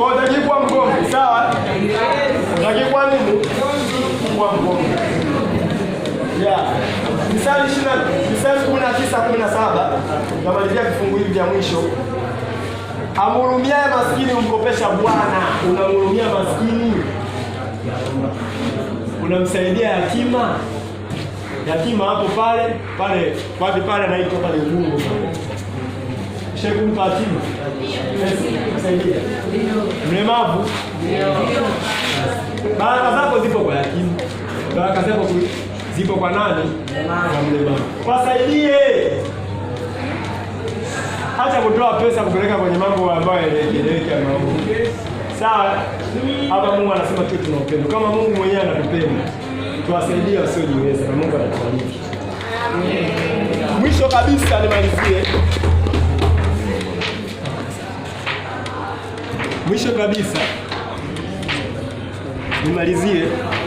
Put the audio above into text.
Kwa utaki kuwa mgomvi, sawa? Utaki kuwa nini? Kuwa mgomvi. Yeah. Mstari 19 17 tunamalizia vifungu hivi vya mwisho. Amhurumiaye maskini umkopesha Bwana. Unamhurumia maskini, unamsaidia yatima. Yatima hapo pale pale wapi? Pale anaitwa pale Mungu. Shekumpa yatima mlemavu, baraka zako zipo kwa yakini baraka zako zipo kwa nani? Kwa mlemavu. Wasaidie, acha kutoa pesa kupeleka kwenye mambo ambayo eleweki ya maovu. Sawa, hapa Mungu anasema tu tunaupenda Kama Mungu mwenyewe anatupenda, tuwasaidie wasiojiweza, na Mungu anatubariki. Mwisho kabisa nimalizie Mwisho kabisa nimalizie